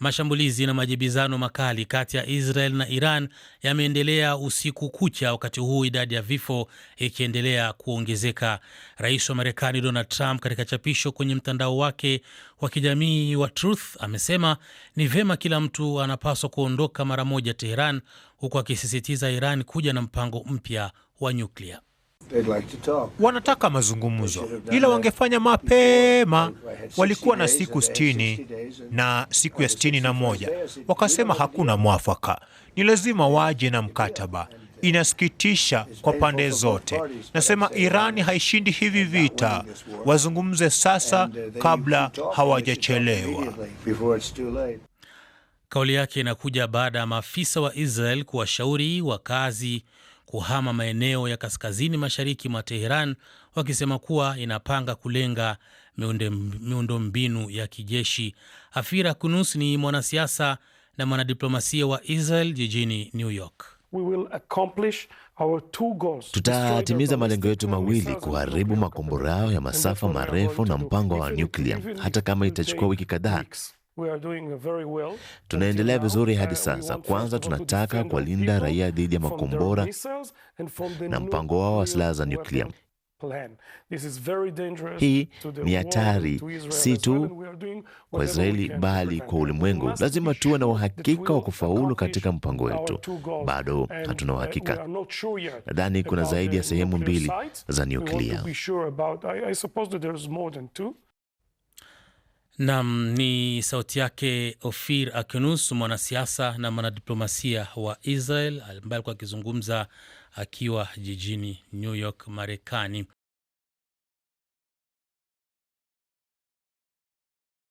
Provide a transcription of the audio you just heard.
Mashambulizi na majibizano makali kati ya Israel na Iran yameendelea usiku kucha, wakati huu idadi ya vifo ikiendelea kuongezeka. Rais wa Marekani Donald Trump, katika chapisho kwenye mtandao wake wa kijamii wa Truth, amesema ni vema kila mtu anapaswa kuondoka mara moja Teheran, huku akisisitiza Iran kuja na mpango mpya wa nyuklia. Like wanataka mazungumzo, ila wangefanya mapema. Walikuwa na siku sitini na siku ya sitini na moja wakasema hakuna mwafaka, ni lazima waje na mkataba. Inasikitisha kwa pande zote. Nasema Irani haishindi hivi vita, wazungumze sasa uh, kabla hawajachelewa. Kauli yake inakuja baada ya maafisa wa Israel kuwashauri wakazi kuhama maeneo ya kaskazini mashariki mwa Teheran, wakisema kuwa inapanga kulenga miundombinu ya kijeshi. afira Kunus ni mwanasiasa na mwanadiplomasia wa Israel jijini New York. Tutatimiza malengo yetu mawili, kuharibu makombora yao ya masafa marefu na mpango wa nyuklia, hata kama itachukua wiki kadhaa. Tunaendelea vizuri hadi uh, sasa. Kwanza tunataka kuwalinda raia dhidi ya makombora na mpango wao wa silaha za nyuklia. Hii ni hatari, si tu kwa Israeli bali kwa ulimwengu. Lazima tuwe na uhakika wa kufaulu katika mpango wetu. Bado hatuna uh, uhakika, nadhani kuna zaidi ya sehemu mbili za nyuklia. Nam ni sauti yake Ofir Akinus, mwanasiasa na mwanadiplomasia wa Israel ambaye alikuwa akizungumza akiwa jijini New York, Marekani.